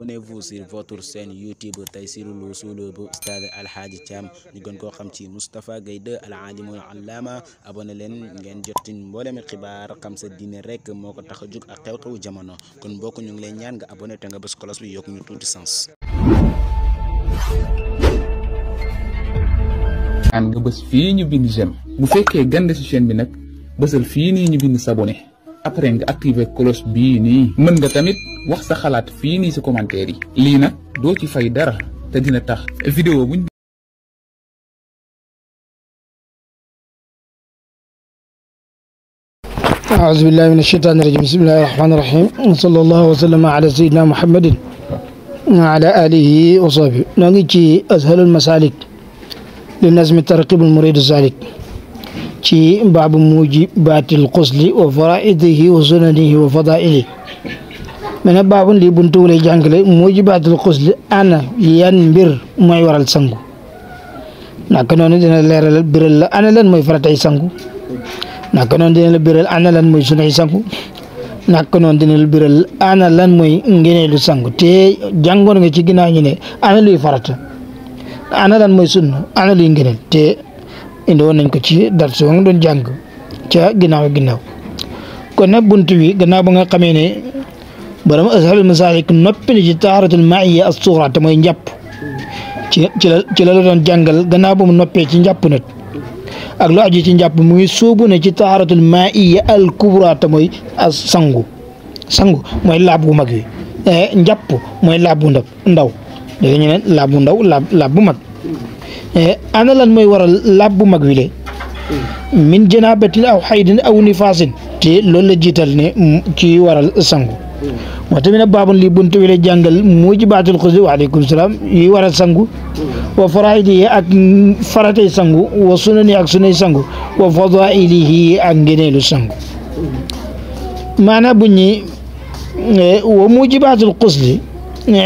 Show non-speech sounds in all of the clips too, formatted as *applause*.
Abonnez-vous sur votre chaîne YouTube Taysiroul Wousoul bu koo xam ci Moustapha Gueye 2 al alimul allama abonné leen ngeen jotin mboolemi xibaar xam sa diine rek moo ko tax a jóg ak kon mbokk ñu ngi lay ñaan nga abonné te nga bës cloche bi yokk ñu tuuti sens aan nga bës fii ñu bind j'aime bu fekkee gande ci bi nag bësal fii nii ñu bind s'abonner après nga activer cloche bii nii mën nga tamit wax sa xalaat fii nii si commentaire yi lii nag doo ci fay dara te dina tax vidéo buñ أعوذ بالله من الشيطان الرجيم بسم الله الرحمن الرحيم صلى الله وسلم على سيدنا محمد وعلى آله وصحبه نجي أسهل المسالك للناس الترقيب المريد السالك شي باب موجبات القسل وفرائده وسننه وفضائله mu ne baabun lii buntu lay jàngale mujibaatul xusli ana yan mbir mooy waral sangu naka noonu dina leeralal biral la ana lan mooy faratay sangu naka noonu dina la biral ana lan mooy sunay sangu naka noonu dina la biral ana lan mooy lu sangu te jàngoon nga ci ginnaaw ñu ne ana luy farata ana lan mooy sunna ana luy ngeneel te indi woon nañ ko ci darsu nga doon jàng ca ginnaaw ginnaaw kon nag bunt wi gannaaw ba nga xamee borom ashabul masalik noppi na ci taaratul mooy njàpp ci ci la la doon jàngal gannaaw ba mu noppee ci njàpp nag ak lu aju ci njàpp mu ngi sóobu ne ci taaratul maaya al kubra mooy sangu sangu mooy laab bu mag yi eh, mooy laab bu ndaw ndaw laab laab mag eh, ana lan mooy waral laab bu mag wi le min janabatin aw xaydin aw nifaasin te loolu jiital ne ci waral sangu وتمنى باب اللي بنتو ولا جنجال موجبات الخزي وعليكم السلام يوارد سانغو وفرايدي أك فرتي سانغو وسنني أك سنني سانغو وفضائله أنجنيل سانغو معنى بني وموجبات القصد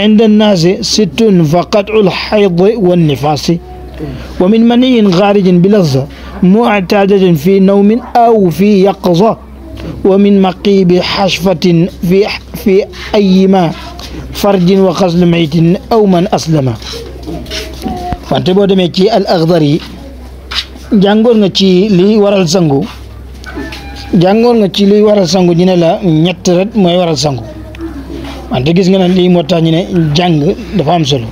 عند الناس ست فقطع الحيض والنفاس ومن مني خارج بلذة معتادة في نوم أو في يقظة wa min bi xashfatin fi fi ayima farjin wa xaslu maytin aw man aslama wante boo demee ci al axdari jàngoon nga ci liy waral sangu jàngoon nga ci liy waral sangu ñu la ñett rek mooy waral sangu wante gis nga ne lii moo tax ñu ne jàng dafa am solo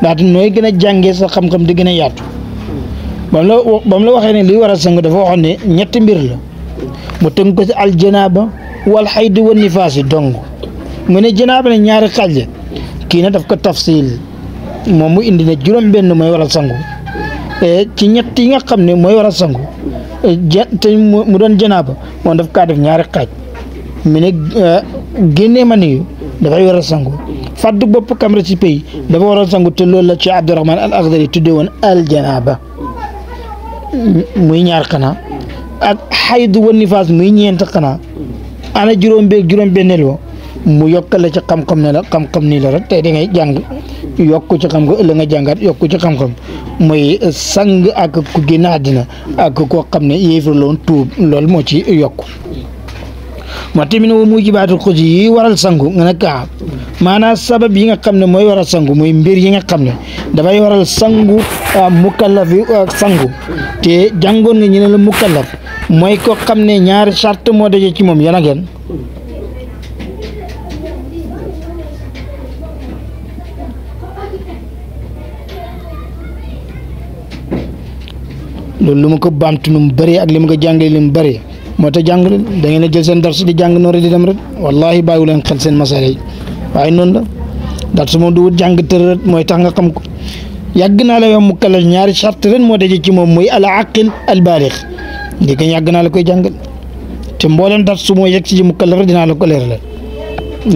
ndaxte nooy gën a jàngee sa xam-xam di gën a yaatu bam la bam la waxee ne liy waral sangu dafa waxoon ne ñetti mbir la mu tënk ko ci aljanaaba wal xaydi wa nifaas yi dong mu ne janaaba ne ñaari xaaj la kii na daf ko tafsil moom mu indi ne juróom-benn mooy waral sangu e ci ñett yi nga xam ne mooy war a sangu e te mu doon janaaba moom daf kaa def ñaari xaaj mu ne e, génnee ma niyu dafay waral sangu fàddu bopp kamra ci pay war a sangu te loolu la ci Abdurahman al Axdari tudde woon aljanaaba muy ñaar xanaa ak xaydu wa nifaas muy ñeent xanaa ana juróom beeg juróom benneel wa mu yokkal la ci xam-xam ne la xam-xam nii la rek tey da ngay jàng yokk ci xam-xam ëllëg nga jàngaat yokku ci xam-xam sang ak ku génn àddina ak koo xam ne yéefar la woon tuub loolu moo ci yokku waxti min wa mujibaatul xuj yi waral sangu nga ne kaa maanaam sabab yi nga xam ne mooy waral sangu muy mbir yi nga xam ne dafay waral sangu ah, mukallaf ah, sangu te jàngoon nga ñu ne la mukallaf mooy ko xam ne ñaari charte moo daje ci moom yana ngeen loolu lu ma ko baamtu nu mu bëri ak li ma ko jàngalee mu bëri moo tax jàng leen da ngeen a jël seen darsu di jàng noonu di dem rek wallahi bàyyiwu leen xel seen masala yi waaye noonu la darsu moom du wut jàng tër rek mooy tax xam ko yàgg naa la mu kalal ñaari charte ren moo daje ci moom muy al aqil al baalix léegi yàgg naa la koy jàngal te mboolem darsu moo yegg si ji mu kalal rek dinaa la ko leeralal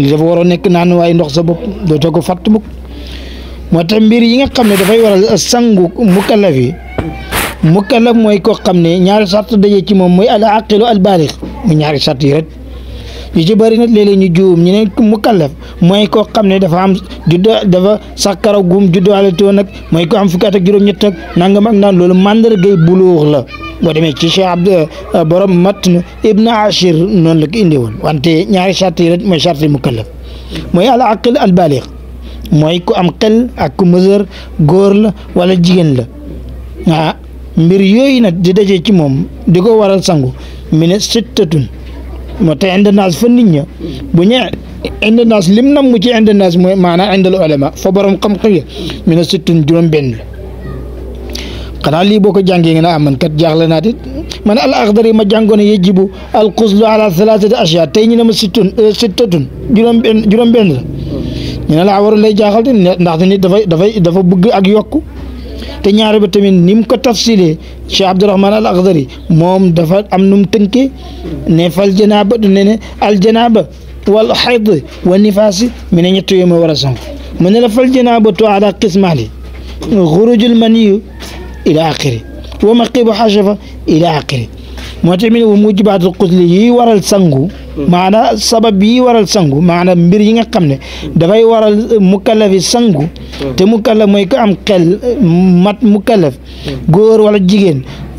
li dafa waroon nekk naan waaye ndox sa bopp dootoo ko fàtt mukk moo tax mbir yi nga xam ne dafay waral sangu mukallaf yi mukallaf mooy koo xam ne ñaari sart daje ci moom mooy al aqilu al baalix ñaari sart yi rek yu ci nag léeg ñu juum ñu ne mukallaf mooy koo xam ne dafa am juddo dafa sax karaw juddo ale too nag mooy ko am fukki at ak juróom-ñett nag nangam ak naan loolu la boo demee ci Cheikh euh, borom matn Ibn Ashir noonu la indi woon wante ñaari sart yi mooy sart yi mukallaf mooy al aqil al mooy ku am xel ak ku mesure góor la wala jigéen la ah mbir yoy na di dajé ci mom di waral sangu mina sittatun mo tay indanas fa nit ña bu ñe indanas lim nam mu ci indanas moy mana indal ulama fa borom xam-xam ya sittun juroom ben kana li boko jangé nga am ah, man kat jaxla na dit man al axdari ma jangone yajibu al quslu ala thalathati ashya tay ñu nam ma sittun sittatun juroom ben juroom ben la ñu la ah, waru lay jaxal dit ndax nit dafay dafay dafa bëgg ak yokku. te ñaar ba tamit nim ko tafsilé Cheikh Abdourahman al aghdari mom dafa am num mu ne fal janaba du ne al janaba wal hayd wa nifas min ñettu yema wara ma war mu ne la fal janaba tu ala qismali qismaani al mani ila axiri wa maqib xasafa ila axiri moo tamit wu mujjibaatu xusli yi waral sangu maana sabab yi waral sangu maana mbir yi nga xam ne dafay waral mukallafi sangu te mukallaf mooy ko am xel mat mukallaf góor wala jigéen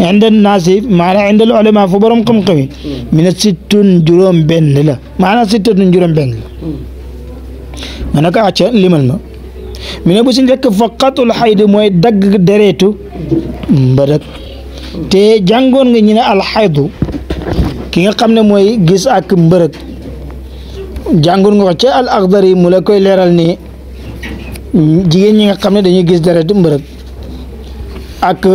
inda naasi maana inda al ulama fu borom xam-xam yi mi ne sittun juróom benn la maana sittun juróom benn la ma ne ko acca limal ma mi ne bu si njëkk faqatul xayd mooy dagg dereetu mbadak te jàngoon nga ñu ne alxaydu ki nga xam ne mooy gis ak mbërëg jàngoon nga ko al axdar mu la koy leeral ni jigéen ñi nga xam ne dañuy gis deret mbërëg ak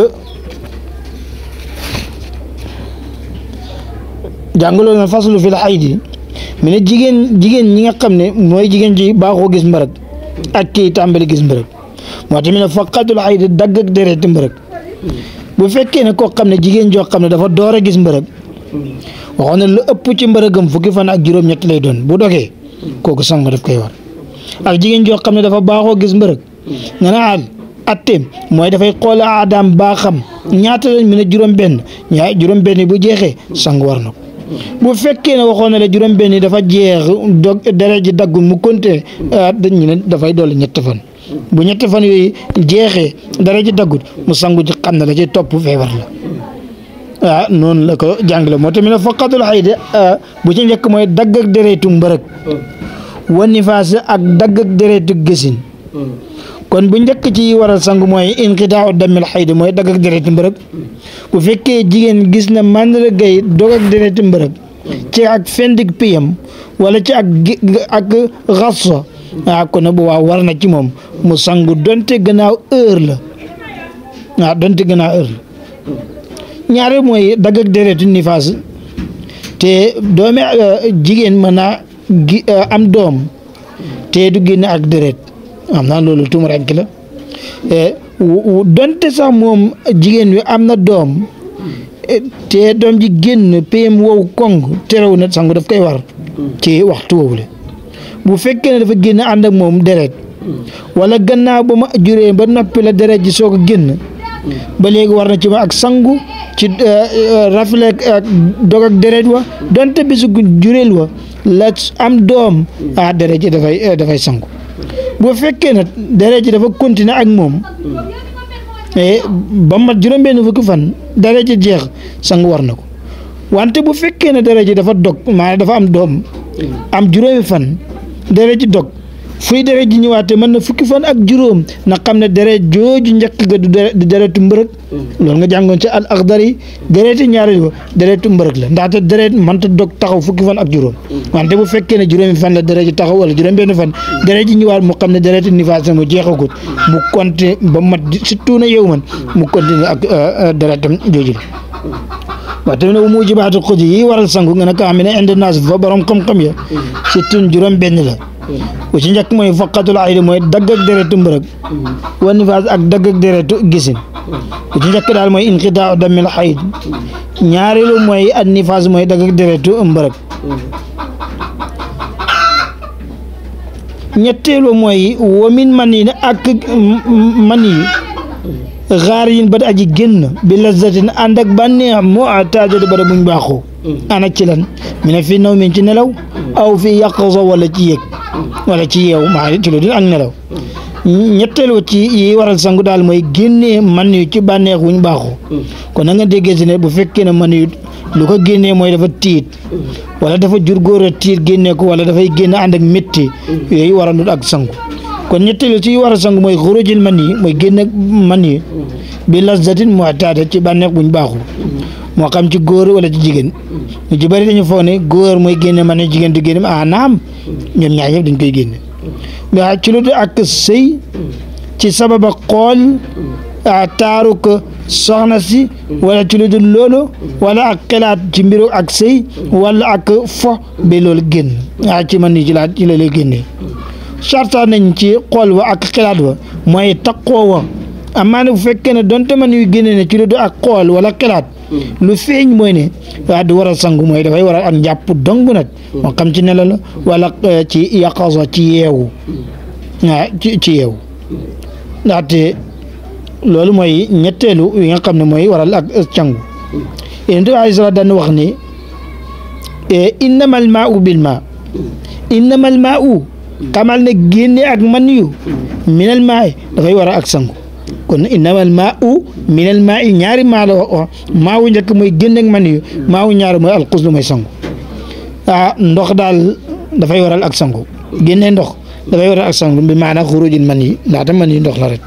jàngaloo na faslu fil xaydi mu ne jigéen jigéen ñi nga xam ne mooy jigéen ji baaxoo gis mbërëg ak ki tàmbali gis mbërëg moo tamit ne faqatul xaydi dagg deret mbërëg bu fekkee ne koo xam ne jigéen joo xam ne dafa door a gis mbërëg waxoon ne lu ëpp ci mbërëgam fukki fan ak juróom-ñett lay doon bu dogee kooku sangu daf koy war ak jigéen joo xam ne dafa baaxoo gis mbërëg nga naan ah, atteem mooy dafay xool aadaam baaxam ñaata lañ a juróom-benn ñaa juróom-benn bu jeexee sangu war na ko bu fekkee ne waxoon na la juróom-benn dafa jeex dog deret ji daggul mu ah, dafay doole ñett fan. bu ñetti fan yooyu jeexe dara ci daggut mu sangu ci xam ne la ci topp feebar la ah noonu la ko jàngale moo tamit ne faqatul xayda ah, bu ci njëkk mooy dagg ak deretu mbërëg wa ak dagg ak deretu kon bu njëkk ci waral sangu mooy inqitaaxu damil xayda mooy dagg ak deretu bu fekkee jigéen gis na màndargay dog ak deretu mbërëg ci ak fendik piyam wala ci ak ak ah kon bu waa war na ci moom mu sangu donte gannaaw heure la waa donte gannaaw heure la ñaare mooy dagg ak déretu nifaas te doomi euh, jigéen mën naa gi euh, am doom te du génn ak déret am naa loolu tumurank la euh, donte sax moom jigéen wi am na doom te doom ji génn pm wow kong terew na sangu daf koy war ci waxtu woowu la bu fekkee ne dafa génn ànd ak moom deret walla gannaaw ba ma juree ba noppi la deret ji soog a génn ba léegi war na ci ma ak sangu ci euh, euh, rafle ak dog ak deret wa donte bisu jureel wa la am doom mm. ah ji dafay euh, dafay sangu bu fekkee nag deret ji dafa continuer ak moom mm. eh, ba mat juróom-benn fukki fan deret ji jeex sangu war na ko wante bu fekkee ne deret ji dafa dog maanaam dafa am doom mm. am juróomi fan deret ji dog fuy deret ji ñëwaate mën na fukki fan ak juróom na xam ne deret jooju njëkk ga du deretu mbërëg mm. loolu nga jàngoon ci al axdar yi dereti ñaareel ko deretu mbërëg la ndaxte deret mënta dog taxaw fukki fan ak juróom mm. wante bu fekkee ne juróomi fan la deret ji taxaw wala juróom benn fan mm. deret ji ñëwaat mu xam ne deretu nifaas mu jeexagut mu continuer ba mat surtout na yow man mu continuer ak euh, euh, deretam jooju la waxtamina u muujibaatu lqudhi yi waral sangu nga ne ko xam ne indi naas fa borom xam-xam ya surtout juróom benn la bu ci njëkk mooy faqatul aydi mooy dagg ak deretu mbërëg wa nifaas ak dagg ak deretu gisin bu ci njëkk daal mooy inqitaa damil xayd ñaareelu mooy an nifaas mooy dagg ak deretu mbërëg ñetteelu mooy wamin man yi ak man yi xaar yin ba aji génn bi lazzatin ànd ak bànneex moo taaja di ba buñ baaxoo mm. ana ci lan mi ne fii naw min ci nelaw mm. aw fi yàqoso wala ci yéeg mm. wala ci yeew maa ci lu dul ak nelaw ñetteelu ci yi waral sangu daal mooy génnee man yu ci bànneex wuñ baaxoo kon na nga déggee si ne bu fekkee ne man yu lu ko génnee mooy dafa tiit wala dafa jur góor tiit génnee ko wala dafay génn ànd ak métti yooyu waralul ak sangu kon ñetteelu ci war a sang mooy xurujil man yi mooy génn man yi bi lazzatin mu'tada ci bànneex buñ baaxul moo xam ci góor wala ci jigéen ñu ci bari dañu foog ne góor mooy génne man yi jigéen du génne ah naam ñoom ñaar ñëpp dañ koy génne mais ci lu ak sëy ci sababa xool taaru ko soxna si wala ci lu dul loolu wala ak xelaat ci mbiru ak sëy wala ak fo ba loolu génn ah ci man yi ci laa ci lay génnee sarta nañ ci xool wa ak xelaat wa mooy taqoo wa amaan bu fekkee ne donte man yuy génne ci lu ak xool wala xelaat mm. lu feeñ mooy ne waa du war a sangu mooy dafay war a am njàpp dong nag mm. moo xam ci nelaw la wala eh, ci yaqaso ci yeewu mm. waa ci ci yeewu ndaxte loolu mooy ñetteelu yi nga xam ne mooy waral ak sangu yonent bi alayhi salaam daan wax ni eh, innamal maa'u bil maa innamal maa'u xamal ne génne ak man yu minal maay dafay war a ak sangu kon innamal maa'u minal maa'i ñaari maa la wax maa wu njëkk mooy génne ak man yu maa wu ñaari mooy alxuslu mooy sangu ah ndox daal dafay waral ak sangu génne ndox dafay waral ak sangu bi maanaam xurujin man yi ndaxte man yi ndox la rek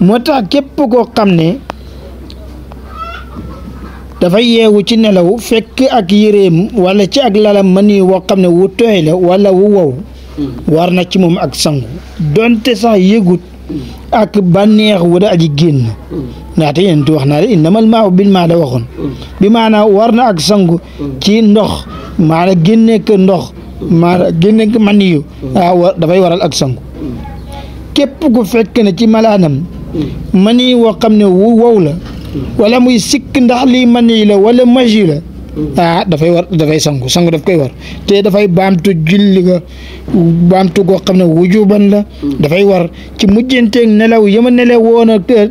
moo tax képp koo xam ne dafay yeewu ci nelaw fekk ak yéreem wala ci ak lalam mën yi woo xam ne wu tooy la wala wu wow war na ci moom ak sangu doonte sax yëgut ak bànneex wu da aji génn ndaxte yéen wax naa la innamal maa bil maa da waxoon bi maanaa war na ak sangu ci ndox maana génneek ndox maana génneek man yu ah, dafay waral ak sangu képp ku fekk ne ci malaanam man woo xam ne wu wow la wala muy sikk ndax lii mani la wala maji la mm. ah dafay war dafay sangu sangu daf koy war te dafay baamtu julli ga baamtu goo xam ne wujuban la mm. dafay war ci mujjanteeg nelaw yama nelaw woon ak eh,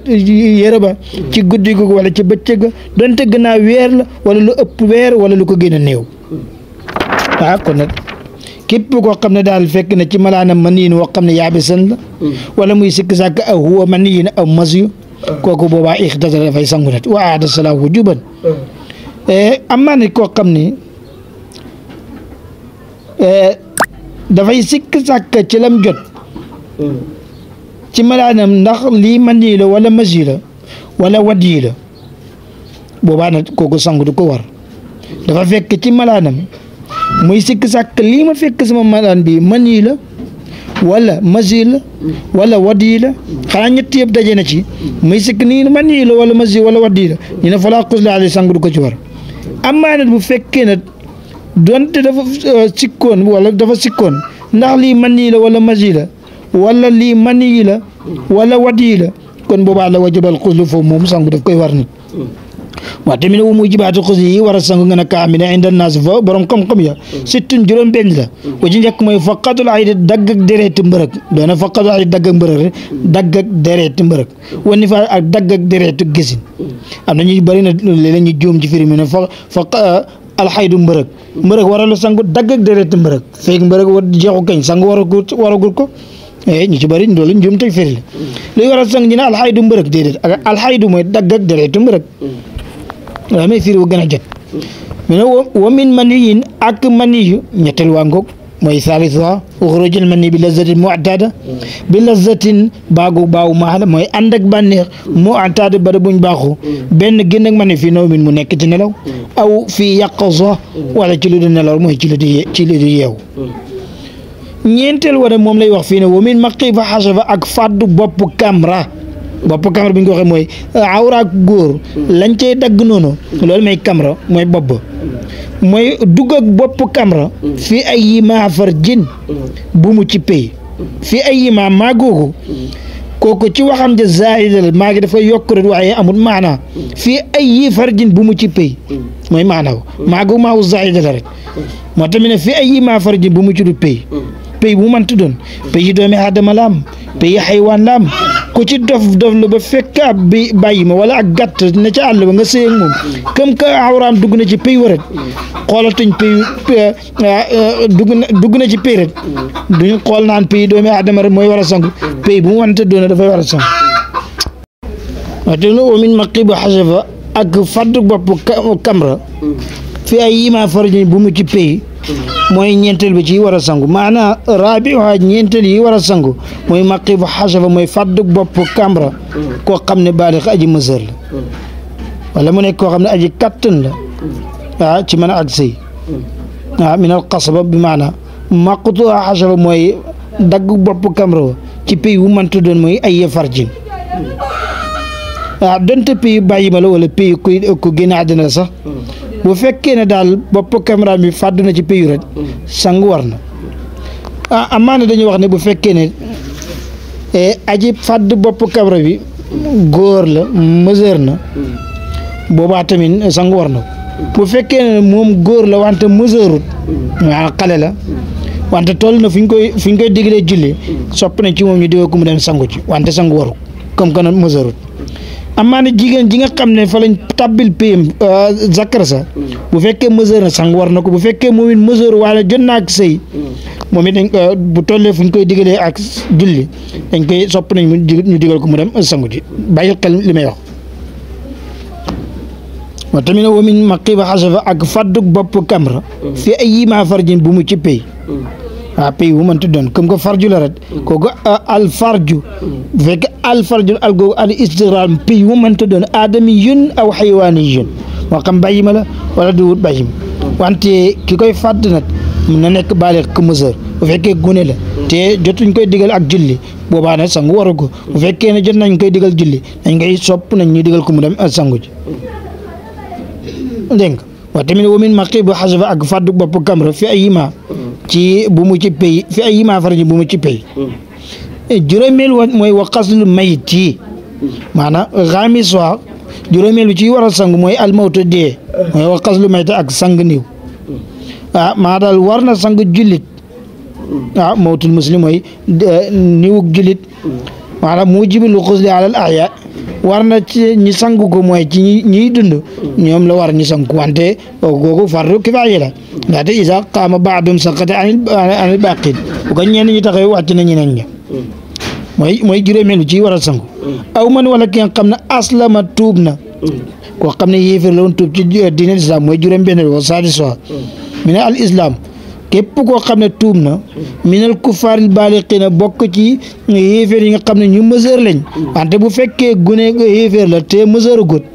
yére ba mm. ci guddi googu wala ci bëccëg ga donte gannaaw weer la wala lu ëpp weer wala lu ko gën a néew ah kon nag képp koo xam ne daal fekk na ci malaana maniyin woo xam ne yaabisan la wala muy sikk sàkk aw huwa maniyin aw masyu kooku boobaa ix dajale dafay sangu net wa aada wujuban hmm. eh, am naa ne koo xam ni eh, dafay sikk sàkk ci lam jot hmm. ci malaanam ndax lii man yi la wala mas yi la wala wad yi la boobaa nag kooku sangu du ko war dafa fekk ci malaanam muy sikk sàkk lii ma fekk sama malaan bi man yi la wala masi la wala wadi la xanaa ñett yëpp daje na ci muy sikk nii man yii la wala masi wala wadi la ñu ne falaa xusla ale sang du ko ci war amaa nag bu fekkee nag donte dafa euh, sikkoon wala dafa sikkoon ndax lii man yii la wala masi la wala lii man yii la wala wadi la kon boobaa la wajabal xuslu foofu moom sang daf koy war nit waxte mi ne wu muy jibaatu xusi yi a sangu nga a kaamina inda naas fa borom xam-xam ya mm. sittun juróom benn la mm. bu ci njëkk mooy faqatul ay di dagg ak déreet mbërëg doona faqatul ay di dagg ak mbërëg mm. dagg ak déreet mbërëg wani fa ak dagg ak déreetu gisin na ñuy bëri na léeg-léeg ñu juum ci firi mi ne fa fa euh, alxaydu mbërëg mbërëg waralu sangu dagg ak déreet mbërëg feeg mbërëg war jeexu kañ sangu waragul waragul ko e ñu ci bëri loolu njuum teg firi la luy waral sang ñu ne alxaydu mbërëg déedéet ak alxaydu mooy dagg ak déreetu mbërëg daa may firi bu gën a jot mu ne wa min maniyin ak maniyu ñetteel waa ngoog mooy salisa uxrojal mani bi lazatin mu'tada bi lazatin baagu baawu maala mooy ànd ak bànneex mu'tada bara buñ baaxu benn génn ak mani fii naw mu nekk ci nelaw aw fi yàqaso wala ci lu du nelaw mooy ci lu du ci lu du yeew ñeenteel wala moom lay wax fii ne wa min maqifa xasafa ak fàddu bopp kamra bopp kamra bu ñu ko waxee mooy euh, awraak góor lañ cay dagg noonu loolu mooy kamra mooy bopp mooy dugg ak bopp kamra fii ay yi maa far bu mu ci pay fii ay yi maa maa googu kooku ci waxam ja zaidal maa ngi dafa yokk rek waaye amul maanaa fii ay yi farjin bu mu ci pay mooy maanaaw maagu maaw zaidal rek moo tamit ne fii ay yi maa farjin bu mu ci du pay pay bu doon pay doomi aadama la am ku ci dof dof lu ba fekk ab bi bàyyi ma wala ak gàtt ne ca àll ba nga sëy ak moom comme que awraam dugg na ci pay warat xoolatuñ pay eh, eh, dugg na dugg na ci pay rat duñ xool naan pay doomi aadama rek mooy war a sangu pay bu wante doona dafay war a sangu waxteno amin maqi bu xasafa ak fàddu bopp kamra fi ay yima farañuñ bu mu ci pay mooy ñeenteel bi ci war a sangu maanaam raabiuha ñeenteel yi war a sangu mooy maqiifu xasafa mooy fàddug bopp kamra koo xam ne baalix aji mësër la mu nekk koo xam ne aji kattan la ah ci mën a ak sëy ah min al qasaba bi maanaam mooy daggu bopp kamra wa ci pays wu doon mooy ay farjin ah donte pays bàyyi ma la wala ku ku génn sax bu fekkee ne daal bopp caméra bi fàdd na ci payu rek na ah amaana dañuy wax ne bu fekkee ne eh, aji fàdd bopp caméra bi góor la mesure na boobaa tamit sangu na bu fekkee ne moom góor la wante mesure maanaam ah, xale la wante toll na fi ñu koy fi ñu koy diglee julli sopp na ci moom ñu diwa ko dem sangu ci wante sangu waru comme que nag mesure amaa jigéen ji nga xam ne fa lañ tàbbil payam euh, zakkar sa bu fekkee mesure na sang war na ko bu fekkee moom it mesure waaye jot na ak sëy moom it dañ bu tollee fu ñu koy digalee ak julli dañ koy sopp nañ ñu digal ko mu dem sangu ji bàyyi xel li may wax wa tamit wa min maqiba xasafa ak fàddug bopp kamra fi ay yimaa farjin bu mu ci pay waaw pays bu mënti doon comme que farju la rek mm. kooku al farju bu mm. fekkee al farju al googu al istiqraam pays bu mënti doon aadamiyun aw xayawaaniyun moo xam bàyyi ma la wala du wut bàyyi mm. wante ki koy fàdd nag mën na nekk baaleex ku mësër bu fekkee gune la te jotuñ koy digal ak julli boobaa nag sangu waru ko bu fekkee ne jot nañ koy digal julli nañ koy sopp nañ ñu digal ko mu dem sangu ji dégg nga wa tamit wamin maqi bu xasaba ak fàddu bopp kamra fi ay ci bu mu ci pay fi ay yimaa farajin bu mu ci pay hmm. juróomeel wa mooy wa xaslul mayit yi hmm. maanaam xaamis wa juróomeel bi ci war a sang mooy almawtu dee hmm. mooy wa xaslul mayit ak sang niw ah maa daal war na sang jullit ah mawtul muslim mooy eh, niwuk jullit maanaam mujibu lu xusli alal aya war na ci ñi sang ko mooy ci ñi ñiy dund mm. ñoom la war ñi sang wante googu fardu kifaaya la ndaxte isa qaama baadum saqata anil baqin bu ko ñenn ñi taxaw wàcc na ñeneen ñi mm. mooy mooy juróomeelu ci war a sangu mm. aw man wala ki nga xam aslama tuub na koo xam ne yéefir la woon tuub ci diine islam mooy juróom benn wa sadis wa min al képp koo xam ne tuub na minal kufaaril baaliqiina bokk ci yéeféer yi nga xam ne ñu mësër lañ wante bu fekkee gune yéeféer la te mësër gut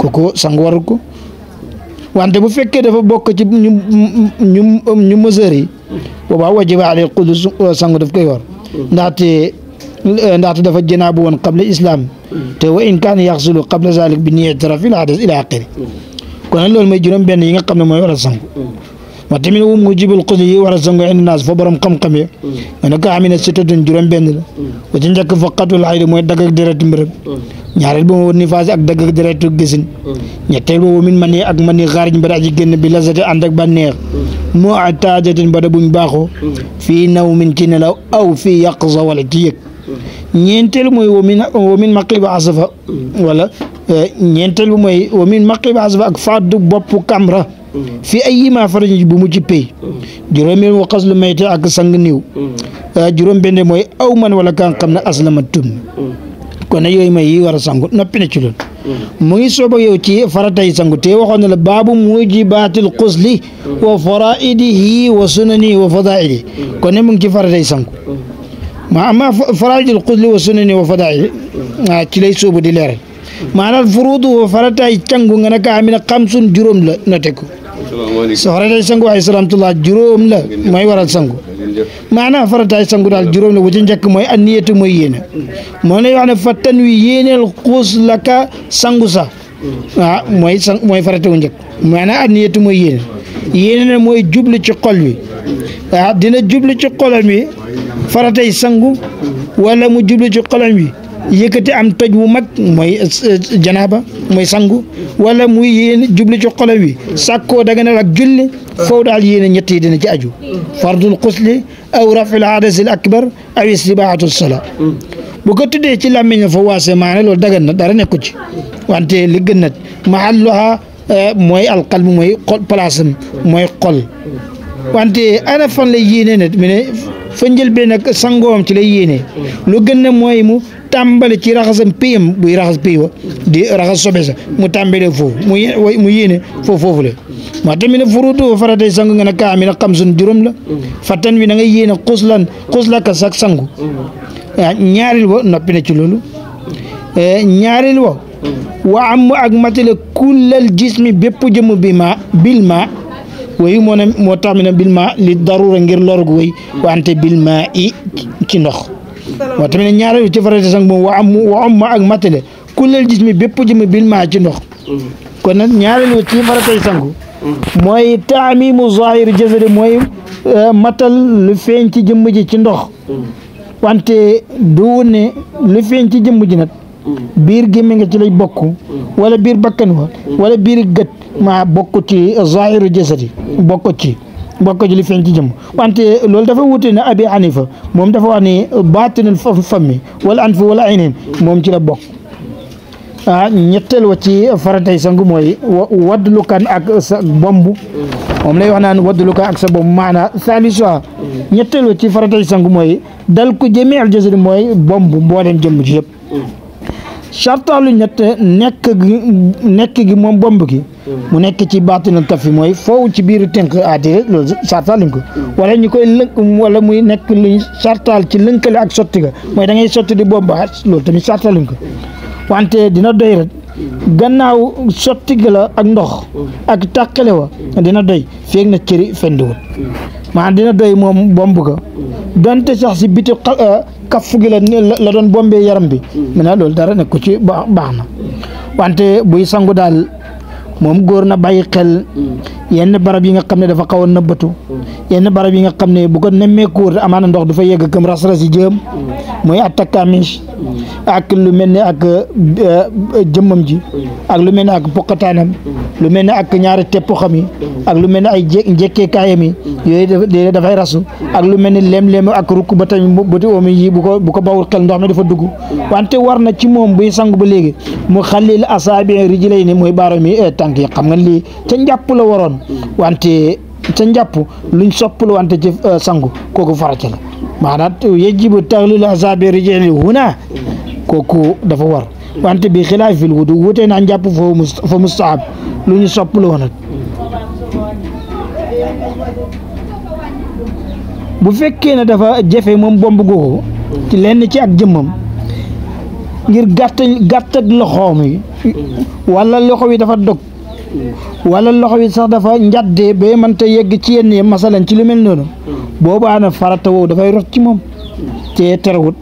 kooku sang waru ko wante bu fekkee dafa bokk ci ñu ñu ñu mësër yi boobaa wajiba ale qudus sang daf koy war ndaxte ndaxte dafa janaabu woon qabla islam te wa in kaan yaxsulu qabla zalik bi ni itiraf ila hadas kon loolu mooy juróom benn yi nga xam ne mooy war a waxte min um mujibul xus yi a sango indi naas fa borom xam-xam ya mm. nga ne ko xam ne sittatun juróom benn la wa mm. ci njëkk faqatul xayda mooy dagg ak deretu mbërëb mm. ñaareel ba moo nifaas ak dagg ak deretu gisin ñetteel boobu min mani ak mani xaarij mbara aji génn bi lasati ànd ak bànneex moo a taajatin ba da buñ baaxoo fii naw min ci nelaw aw fii mooy wa min wa min maqiba asafa wala eh, ñeenteel bu mooy wa min maqiba asafa ak faddu bopp kamra fii ay yi maa farañu bu mu jippee juróomeel wa xas lu mayte ak sang niw mm. ah, juróom benn mooy aw man wala kaan xam ne aslama tum mm. kon nag yooyu mooy yi war a sangu noppi na ci mm. mu ngi soob yow ci faratay sangu te waxoon na la baabu mujibaatil xusli wa faraidihi wa sunani wa fadaili kon nag mu ngi ci faratay sangu ma ama faraidil xusli wa sunani wa fadaili ah, ci lay soobu di leeral maanaam furuudu faratay cangu nga ne ko amina xamsun juróom la noté ko soxoratay sangu waaye juróom la mooy waral sangu maanaam faratay sangu daal juróom la bu ci njëkk mooy anniyatu mooy yéene moo lay wax ne fattan wi yéeneel xuus la sangu sa waaw ah, mooy sang mooy farata wu njëkk maanaam anniyatu mooy yéene yéene ne mooy jublu ci xol wi waaw ah, dina jublu ci xolam wi faratay sangu wala mu jublu ci xolam wi yëkkati am toj wu mag mooy euh, euh, janaaba mooy sangu wala muy yéen jubli ci xolo wi sàkkoo daganal ak julli foofu daal yéen ñett yi dina ci aju fardul xusli aw raful hadas al akbar aw istibaatu sola bu ko tuddee ci làmmiñ fa waase maane loolu dagan na dara nekku ci wante li gën nag mahalluha euh, mooy alqalb mooy xol place mooy xol wante ana fan la yéene ne fa njëlbeen nag sangoom ci lay yéene lu gën na mooy mu tàmbali ci raxasam piyam buy raxas piy wa di raxas sobe sa mu tàmbalee foofu mu yéene foofu foofu la moo tamit ne furutu faratay sangu nga ne kaa mi na xam sun juróom la fatan wi na nga yéene xuslan xuslaka sak sangu ah, ñaaril wa noppi na ci loolu eh, ñaaril wa wa am ak matale kullal jismi bépp jëmu bi ma bil ma wayu moo ne moo taamina bil ma li darura ngir lorug way wante bil ma i ci ndox waaw tamit ñaareelu ci ma ak matale kullel bépp jëmi bil ma ndox kon nag ñaareelu ci faratay sangu mooy taamimu zahiru jasadi mooy euh, matal lu feeñ ci jëmm ji ci ndox wante du ne lu feeñ ci jëmm ji nag biir gémmiñ ci lay bokk wala biir bakkan wa wala biir gët maa bokk ci zahiru jasadi bokk ci bokk ci li feeñ ci jëm wante loolu dafa wute ne abi hanifa moom dafa wax ni baatinul fammi wala anfu wala aynin moom ci la bokk ah ñetteel wa ci faratay sangu mooy waddulukan ak sa bomb moom lay wax naan waddulukan ak sa bomb maana thalitha ñetteel ci faratay sangu mooy dal ko jëmee al jasadi mooy bomb mboolem jëmm ci yëpp chartalu ñett nekk gi nekk moom bomb gi mu nekk ci baatinal kafi mooy foofu ci biiru tënk aati rek loolu sartaal ko wala ñu koy lënk wala muy nekk luñ sartaal ci lënkale ak sotti mooy da ngay sotti di bomba loolu tamit sartaal ko wante dina doy rek gannaaw sotti ak ndox ak tàqale wa dina doy feeg na cëri fendiwul maanaam dina doy moom bomb ga donte sax si biti euh, kaffu gi la la doon bombee yaram bi mu ne loolu dara nekk ko ci baax na wante buy sangu daal moom góor na bàyyi xel mm. yenn barab yi nga xam ne dafa xaw na nëbbatu mm. yenn barab yi nga xam ne bu ko nemmeekuwut amaana ndox du fa yegg këm ras-ras yi jëm mm. mooy attakamiche ak lu mel ne ak euh, jëmmam ji ak lu mel ne ak poqataanam lu mel ne ak ñaari tepp xam ak lu mel ay je njekkeekaayam yi yooyu dafay rasu ak lu mel ne leem-leem ak rukk ba tamit bati oomi yi bu ko bu ko xel ndox mi dafa dugg wante war na ci moom buy sangu ba léegi mu xallil asaabi rijlay ni mooy baaro mi tànk yi xam nga lii ca njàpp la waroon wante ca njàpp luñ soppul wante ci euh, sangu kooku farata la maanaam yajibu taxlilu asaabi rijlayni huna kooku dafa war wante bi xilaafil wudu wutee naa njàpp fa fa mustaab sopp la woon bu fekkee ne dafa jafe moom bomb googu ci lenn ci ak jëmmam ngir gàtt gàtt loxoom yi wala loxo yi dafa dog walla loxo wi sax dafa njaddee ba mënta yegg ci yenn yi masalan ci lu mel noonu boobu ana farata woowu dafay rot ci moom te terewut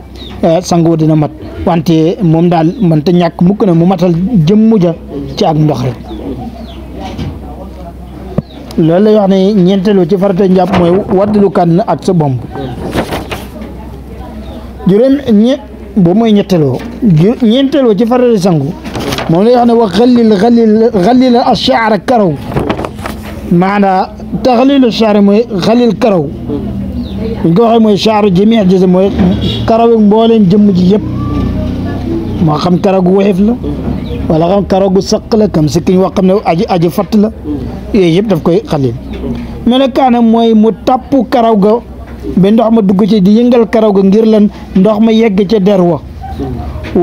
eh, sangoo dina mat wante moom daal mënta ñàkk mukk na mu matal jëmmu ja ci ak ndox rek loolu lay wax ne ñeenteelu ci farata njàpp mooy waddalu ak sa bomb juróom ñe boobu ci farata sangu مولانا وغلل غلل غلي الشعر كرو معنى تغليل الشعر مو غلل كرو نقول مو شعر جميع جزء مو كرو مولين جم جيب ما خم كرو وحف له ولا خم كرو سق له كم سكين وقم اجي اجي فت له يجب إيه داف كوي خليل melokaanam كان mu tàpp karaw ga ba ndox ma dugg ci di yëngal karaw ga ngir lan ndox ma yegg ca der wa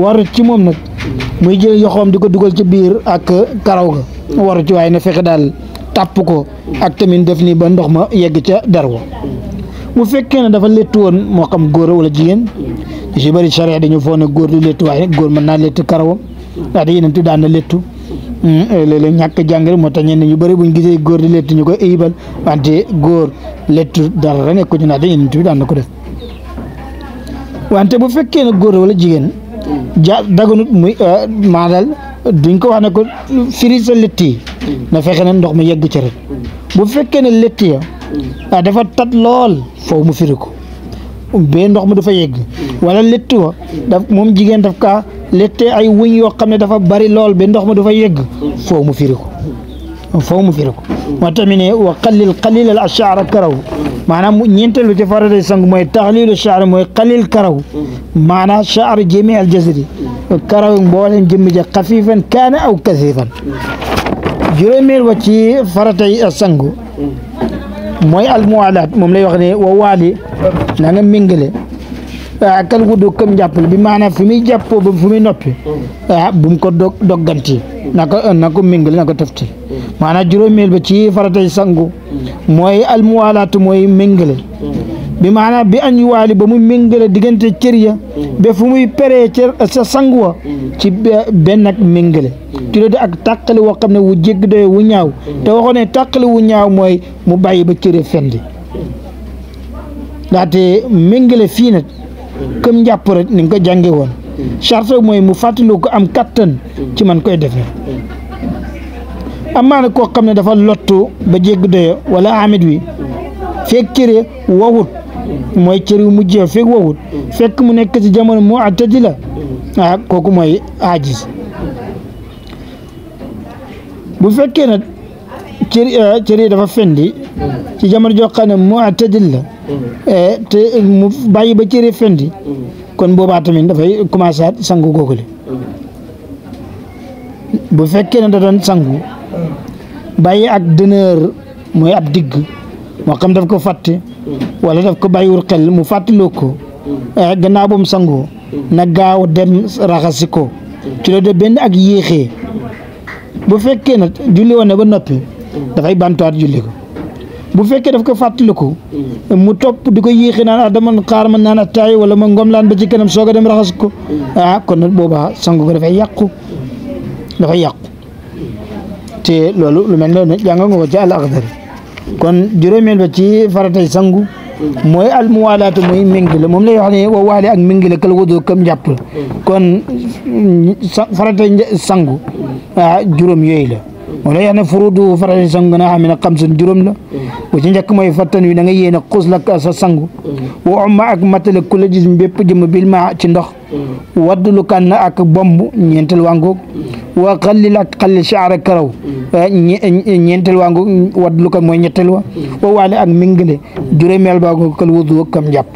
war ci moom nag muy jël yoxoom di ko dugal ci biir ak karaw ga waru ci waaye na fexe daal tàpp ko ak tamit def nii ba ndox ma yegg ca der wa bu fekkee ne dafa létt woon moo xam góor wala jigéen ñu si bëri charia dañu foog ne góor du léttu waaye góor mën naa léttu karawam ndax da yenentu daan na léttu hmm, eh, léeg ñàkk jàngale moo tax ñenn ñu bëri gisee góor di léttu ñu ko iibal wante góor léttu dara nekku ñu naa da yenentu bi daan na ko def wante bu fekkee ne góor wala jigéen daganut muy maanaam duñ ko wax ne ko firi sa létt yi na fexe ne ndox mi yegg ci rek bu fekkee ne létt ya ah dafa tat lool foofu mu firi ko bee ndox mi dafa yegg wala létt wa daf moom jigéen daf kaa léttee ay wëñ yoo xam ne dafa bari lool ba ndox mi dafa yegg foofu mu firi ko foofu mu firi ko moo tamit ne wa qallil qalilal ashaara karaw maanaam ñeenteelu ci farata sangu mooy taxliilu chaar mooy xalil karaw mm-hmm. maanaa chaar jami al karaw mboolem jëmm ja kaana aw kasifan mm-hmm. juróomeel wa faratay sangu mm-hmm. mooy almuwalaat moom lay wax ne wa Ah, kal wudu këm jàppale bi maanaam fu muy jàppoo ba fu muy noppi ah bu mu ko dog dogganti na ko na ko mingal na ko tëfti maanaam juróomeel ba ci faratay sangu mooy almuwaalaatu mooy mingale bi maanaam bi añ waali ba mu mingale diggante cër ya ba fu muy peree sa sangu wa ci benn ak mingale kilo di ak tàqali woo xam ne wu jégg doye wu ñaaw te waxoon ne wu ñaaw mooy mu bàyyi ba cëre fendi ndaxte mingale fii comme njàpp rek ni nga ko jànge woon charte mooy mu fàttaliku ko am kattan ci man koy defee amaana koo xam ne dafa lottu ba jégg doyo wala amit wi fekk cëre wawut mooy cër yu mujj wa fekk fekk mu nekk ci jamono mu attadi la ah, kooku mooy aajis bu fekkee nag eh, cër yi dafa fendi ci jamono joo xam ne mu attadi la eh te eh, mu bàyyi ba cëre fendi kon boobaa tamit dafay commencé at sangu googule bu fekkee ne da sangu bayi ak dënër mooy ab dig moo xam daf ko fàtte wala daf ko bàyyiwul xel mu fàttaloo ko eh, gannaaw ba mu sangoo na gaaw dem raxasi ko ci do de ak yéexee bu fekkee na julli woon ba noppi dafay bantuwaat julli ko bu fekkee daf ko fàttaliku mu topp di ko yéexi naan ah dama xaar ma naan attaay wala ma ngom laan ba ci kanam soog a dem raxas ko ah kon nag boobaa sangu ko dafay yàqu dafay yàqu te loolu lu mel noonu jànga nga ko ci al axdari kon juróomeel ba ci faratay sangu mooy al muwaalaatu mooy méngale moom lay wax ne wa waale ak méngale kal wodoo kam njàpp kon faratay sangu ah juróom yooyu la wala yaa ne furudu farata sangu na xam ne xamsun juróom la bu sa sangu mm-hmm. wa umma ak matale kula jism bépp jëm bil ma ci ndox mm-hmm. waddulu kan ak bomb ñeenteel wàngoog mm-hmm. wa xallil ak xallil shaara karaw eh, eh, ñeenteel wàngoog waddulu kan mooy ñetteel wa wa waale ak mingale juróomeel baagoog kal wudu kam jàpp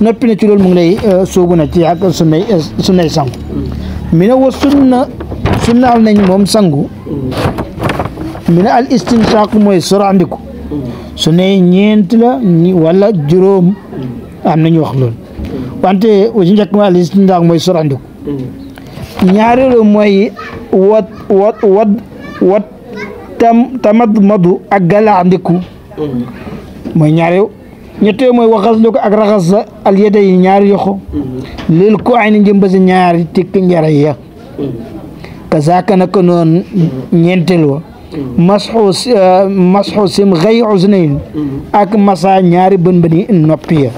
noppi na ci loolu mu ngi lay eh, soobu na ci ak sunnay sangu mi wa sunna sunnaal nañ moom sangu mu ne al istinshaq mooy sorandiku su ne ñeent la wala juróom am nañu wax loolu wante usi njëkk mooy sorandiku ñaareelu mooy wat wat wat wat tam tamad madu ak galaandiku mooy waxas lu ko ak raxas al yedda yi yoxo lil ko ay ni jëm ba si tikk njara ka saaka naka noon wa masxu eh, masxu sim xëy usnayn mm-hmm. ak masa ñaari bën bëni noppi ya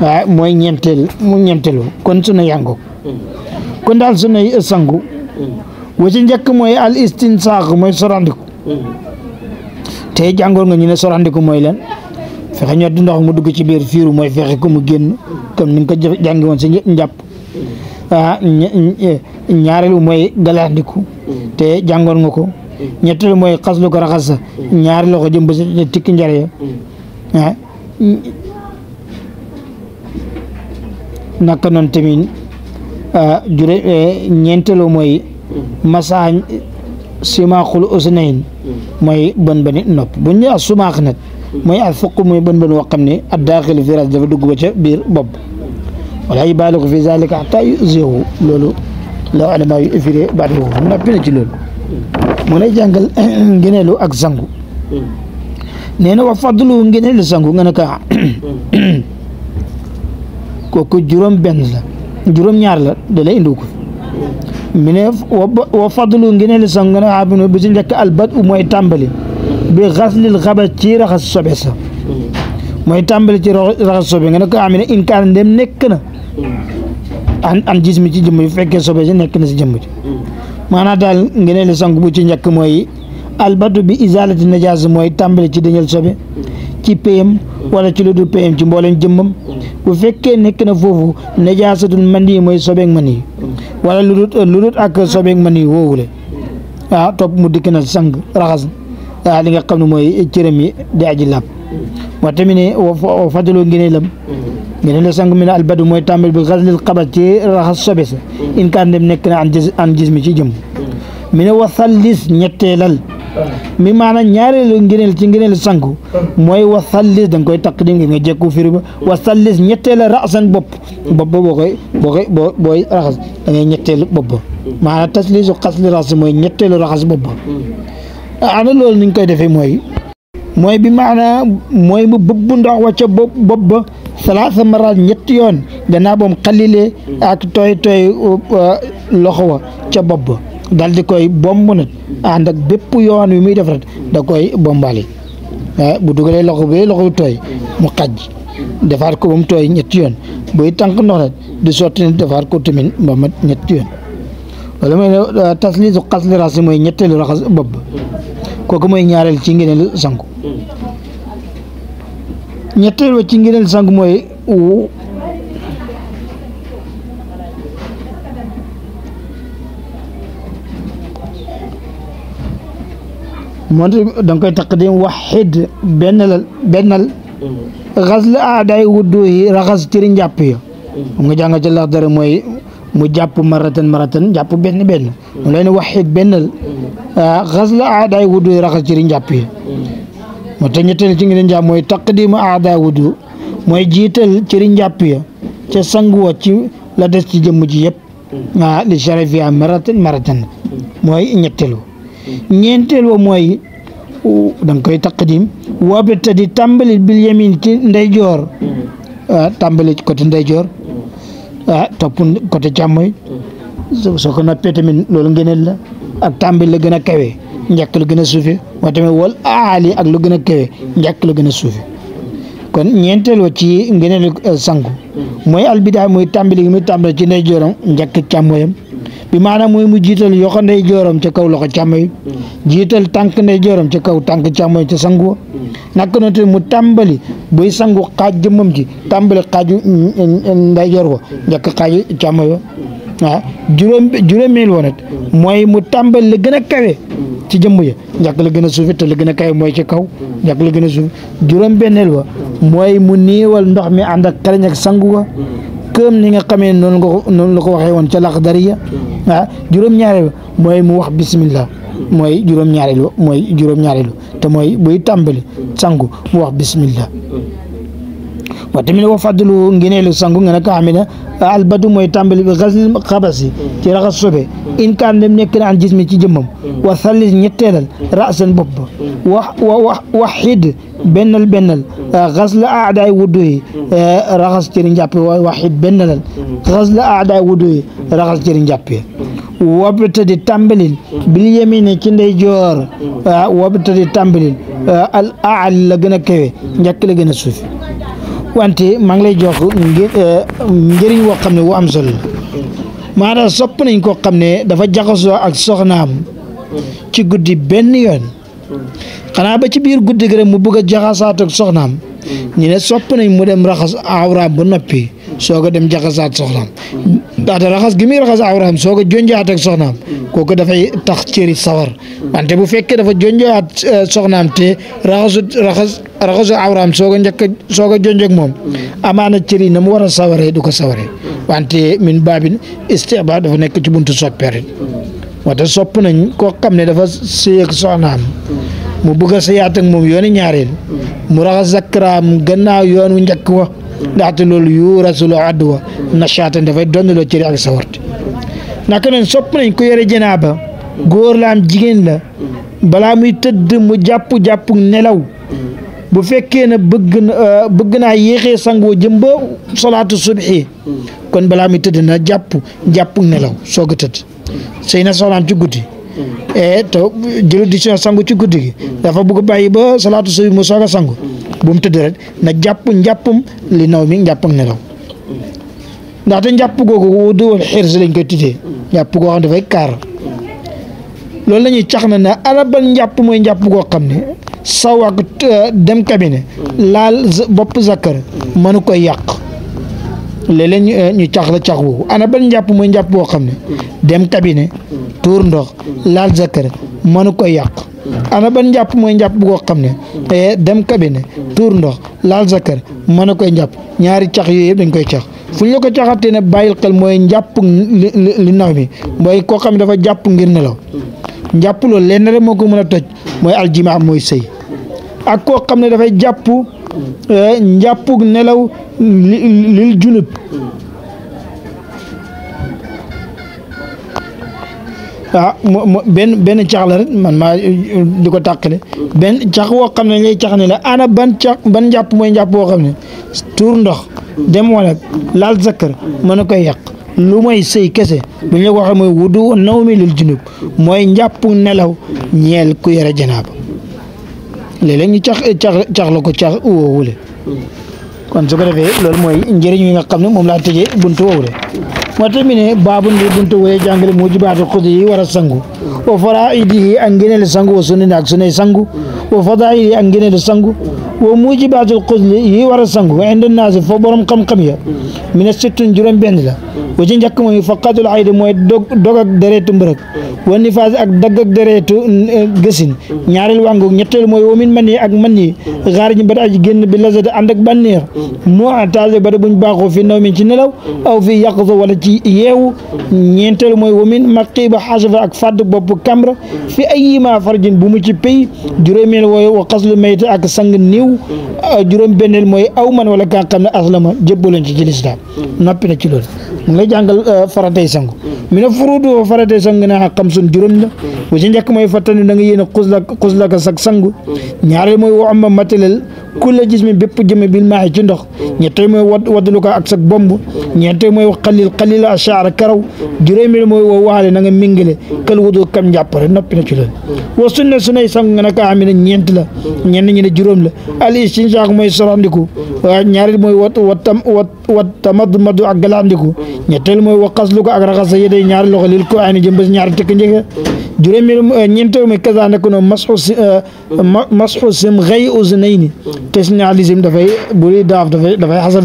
waaw mm-hmm. ah, mooy ñeenteel mu ñeenteelu kon suna yango mm-hmm. kon daal sunay sangu wa ci njëkk mooy al istinsaaq mooy sorandiku te jàngoon nga ñu ne mooy lan fexe ñoo ndox mu dugg ci biir fiiru mooy fexe ko mu génn comme ni nga ko jàngi woon si njàpp ah ñaareelu mooy galaandiku te jàngoon nga ko ñetteelu mooy xaslu ko raxas sa loxo jëm ba njare ah. naka noonu tamit ah, eh, ñeenteelu mooy masaa simaaxul usnayn mooy bën bëni nopp bu ñu a sumaax nag mooy a fuq mooy bën bën woo xam ne a daaxil fi ras dafa dugg ba ca biir bopp wala yi baaliku fi zalika xataa yu loolu la ulama yu firee baat boobu noppi na ci loolu mu lay jàngal eh, ngëneelu ak sangu nee na wa fadlu ngëneelu sangu nga ne ka *coughs* kooku juróom benn la juróom ñaar la da lay indi ko mu ne wa fadlu ngëneelu sangu nga ne ka ah, bino mooy tàmbali bi xaslil xabas ci raxas sobe sa mooy tàmbali ci raxas sobe nga ne ka amina ah, in ndem nekk an an gis mi ci jëmm ji fekkee sobe si nekk na si jëmm ji maanaam daal ngeen sank bu ci njëkk mooy albadu bi isalati najaas mooy tàmbali ci dañal sobe ci payam wala ci lu dul payam ci mbooleem jëmmam bu fekkee nekk na foofu najaasatul mandi mooy sobeeg mani wala lu dul lu dul ak sobeeg mani topp mu dikk na sang raxas ah li nga xam ne mooy cëram yi di aji làpp moo tamit ne wa fadaloo ngeen ñu ne la sangu mi ne albadu mooy tàmbali bi xaslil xabat ci raxas sobe sa mm. in kaan dem nekk na an jismi ci jëm mm. mi ne wasallis ñetteelal ah. mi maanaam ñaareelu ngëneel ci ngëneel sangu ah. mooy wasallis da nga koy taqdim ngir nga jekku firi ba mm. wasallis ñetteelal rasan bopp bopp boo koy raxas da ngay ñetteelu bopp maanaam taslisu xasli raxas mooy ñetteelu raxas bopp ah, ana loolu ni ñu koy defee mooy mooy bi maanaam mooy mu bëbb wacca bopp salaasa maraat ñetti yoon gannaaw ba mu xalilee ak tooy tooy uh, loxo wa ca bopp ba dal di koy bomb nag ànd ak bépp yoon wi muy def rek da koy bombali eh, bu dugalee loxo bi loxo tooy mu xaj defaat ko ba mu tooy ñetti yoon buy tànk ndox nag di sotti nag defaat ko tamit moom ñetti yoon loolu mooy ne uh, tasliisu xasli raas mooy ñetteelu raxas bopp kooku mooy ñaareel ci ngeen sanku ñetteel wa ci ngëneel sang mooy moom danga koy taqdim waxid bennal bennal xasl aaday wuddu yi raxas cëri njàpp yi xam nga jànga ci dara mooy mu jàpp maratan maratan jàpp benn benn mu leen waxid bennal xasl aaday wuddu yi raxas cëri njàpp yi moo tax ñetteel ci ngir njàpp mooy taqdimu aada wudu mooy jiital cëri njàpp ya ca sanguwa ci la des ci jëmm ji yëpp ah li sharafiya maratan maratan mooy ñetteelu ñeenteelu mooy da nga koy taqdim wabta di tàmbali bil ci ndeyjoor ah tàmbali côté ndeyjoor ah topp côté càmmoy soo ko noppee tamit loolu ngëneel la ak tàmbali la gën a kawe njëkk lu gën a suufe mooy tamit wal aali ak lu gën a kawe njëkk lu gën a suufe kon ñeenteel wa ci ngëneelu euh, sangu mooy albidaa muy tàmbali gi muy tàmbali ci ndey jooram njëkk càmmoyam bi maanaam mu jiital yoxo ndey jooram ca kaw loxo càmmoy jiital tànk ndey jooram ca kaw tànk càmmoy ca sangu naka noonu mu tàmbali buy sangu xaaj jëmmam ji tàmbali xaaju mm, mm, ndey joor wa njëkk xaaju càmmoy wa waaw juróom juróomi woon it mooy mu tàmbali la gën a kawe ci jëmm ya njàkk la gën a suufi te la gën a kawe mooy ci kaw njàkk la gën a suufi juróom benneel wa mooy mu niiwal ndox mi ànd ak xarañ ak sangu ga këm ni nga xamee noonu nga ko noonu la ko waxee woon ca laxdariya ah juróom-ñaareel mooy mu wax bismillah mooy juróom-ñaareel mooy juróom te mooy buy tàmbali sangu mu wax bismillah wa tamit wa fadlu ngeneelu sangu nga ne ko ne albadu mooy tàmbali bi xasil xabasi ci raxas sobe in kaan dem nekk na an ci jëmmam wa sallis ñetteelal rasan bopp wa wa bennal bennal xasla aadaay wuddu yi raxas cëri njàpp waxid bennalal xasla aadaay wuddu yi raxas cëri njàpp wabtadi tàmbalil bil ci ndey joor wabtadi tàmbalil al aal la gën a kawe njëkk la gën a suufi wante maa ngi lay jox eh, njëriñ woo xam ne wu am solo maanaam sopp nañ koo xam ne dafa jaxasoo ak soxnaam ci guddi benn yoon xanaa ba ci biir guddi gi rek mu bëgg a jaxasaat ak soxnaam ñu ne sopp nañ mu dem raxas awraam ba noppi soog a dem jaxasaat soxnaam ndaxte raxas gi muy raxas awraam soog a jonjaat ak soxnaam mm. kooku dafay tax cëri sawar wante bu fekkee dafa jonjaat eh, soxnaam te raxasu raxas raxasu awraam a a jonjog moom mm. amaana cëri na mu war a sawaree du ko sawaree mm. wante min baabin istihbaab dafa nekk ci buntu soppeerit wante sopp nañ koo xam ne dafa sëy ak soxnaam mu bëgg a sëyaat ak moom yooni ñaareel mu raxas zakraam gannaaw yoonu njëkk wa ndaxte loolu yuurasu loo àdduwa nashaatan dafay donnaloo cëri ak sawarte naka nen sopp nañ ko yore janaaba góor la jigéen la balaa muy tëdd mu jàpp-jàpp nelaw bu fekkee ne bëgg euh, naa yéexee sangoo jëmba ba solaatu subhi kon balaa muy tëdd na jàpp jàpp nelaw soog a tëdd sëy na soxnaam ci guddi e te jëlu di sangu ci guddi gi dafa bëgg bàyyi ba solaatu subhi mu soog a sangu bu mu tëdd rek na jàpp njàppum li naw mi njàpp ak nelaw ndaxte njàpp googu wudu wal xirs lañ koy tuddee njàpp goo xam dafay kaar loolu cax na ne ala ban njàpp mooy njàpp goo xam ne saw ak euh, dem cabinet laal bopp zakkar mënu koy yàq léeg-léeg euh, ñu cax la cax boobu ana ba njàpp mooy njàpp goo xam ne dem cabinet tuur ndox laal zakkar mënu koy yàq ana ban njàpp mooy njàpp bu ko ne dem kabine tuur ndox laal sa kër a koy njàpp ñaari cax yooyu yëpp dañ koy cax fu ñu la ko caxatee ne bàyyil xel mooy njàpp li naw mi mooy koo xam ne dafa jàpp ngir nelaw njàpp loolu lenn rek moo ko a toj mooy aljimaa mooy sëy ak koo xam ne dafay jàpp eh, njàpp nelaw lil junub ah mu benn benn cax la rek man maa eh, di ko tàqale benn cax woo xam ne lay cax ne la ana ban cax ban njàpp mooy njàpp woo xam ne tuur ndox dem wala laal zakkër mën a koy yàq lu mooy sëy kese bu ñu la ko waxee mooy wudu naw mi lil junub mooy njàpp nelaw ñeel ku yore janaaba léeg-léeg ñu cax la ko cax woo loolu mooy njëriñ yi nga xam ne moom laa tëjee buntu woowu matamine babun ndi ɗum to woye jangel mujibatu yi wara sangu o fara idihi an da sangu o sunnina ak sangu o fada idi an da sangu وموجي بعد القذل هي ورسنغ وعند الناس فبرم قم قمية من الست جرم بينلا وجن جاكم يفقد العيد مو دوغ دوغ دريت مبرك والنفاذ اك دغ دريت غسين نيار الوانغ نيتل مو ومن مني اك مني غار ني بدا جين بلزد اندك بنير مو اتال بدا بن باخو في نوم من جنلو او في يقظ ولا جي ييو نيتل مو ومن مقيب حجب اك فاد بوب كامرا في اي ما فرجين بومو سي بي جرمين وقزل ميت اك سانغ نيو yiw ah, juróom benneel mooy aw man wala kaa xam ne aslama jëbbaloon ci ci lislaam mm. noppi na ci loolu mu ngi lay jàngal euh, faratay sangu mm. mi na furudu farate sang na xaqam sun juróom mm. la bu ci njëkk mooy fattani da nga yéen a xusla xuslaka sag sangu ñaareel mm. mooy wa amma matalel kulla jismi bépp jëme bil maaxi ci ndox mm. ñetteel mooy wa wadluka ak sag bomb ñeenteel mooy wa xalil a ashaar karaw juróomeel mooy wa waxale na nga mingale kal wudu kam njàppare noppi na ci loolu wa sunna sunay sang na ka amina ñeent la ñenn ñi ne juróom la al istinsaaq mooy sorandiku ñaareel mooy wa wa tam wa tamadmadu ak ñetteel mooy waqas ko ak raxas sa yéday ñaari loxo lil ko aani jëm ba si ñaari tëkk njëkk juróomeel ñeenteel mooy kasa nekk noonu euh,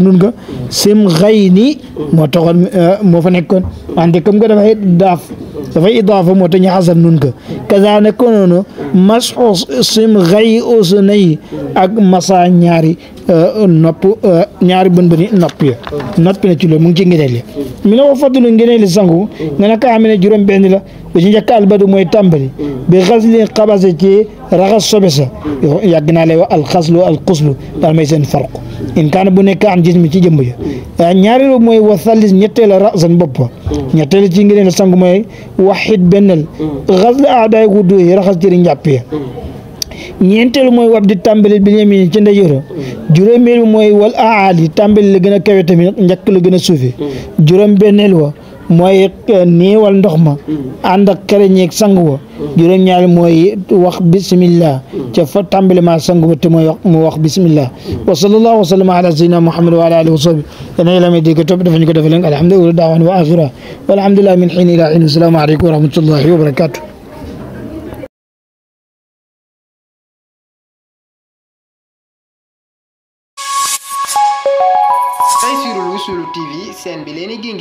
ni ka sim xay ni moo taxoon euh, moo fa nekkoon wante comme que dafay daaf dafay moo tax ñu xasal nun ka kasa nekk noonu masxu sim xay u ak masa ñaari euh, nopp ñaari bën bëni ya noppi na ci loolu mu ci ngëneel mi na wa fadlu ngëneeli sangu mm. nga ne ka xam ne juróom benn la bu ci njëkk albadu mooy tàmbali mm. bi xasli xabase ci raxas sobe sa mm. yàgg naa lay wax alxaslu alxuslu daal may seen in kaana bu nekk an jismi ci jëmb ja ñaareel ba mooy wa thallis ñetteel a rasan bopp ñetteel ci ngëneeli sangu mooy waxit bennal xasli aadaay wudu yi raxas jëri njàpp ñeenteelu mooy wab di tàmbali bi yamin ci ndeyjoor juróomeel bi mooy wal aali tàmbali la gën a kawe tamit njëkk la gën a suufe juróom benneel wa mooy eh, niiwal ndox ma ànd ak kereñeeg sang wa juróom wax bismillah ca fa tàmbali maa sang ba te mooy wax mu wax bismillah wa sallallahu wa sallama ala sayyidina muhammad wa ala alihi wa sahbi dana yàlla may dégg topp dafa ñu ko defal leen alhamdulilah wa axira walhamdulilah min xiin ila leen i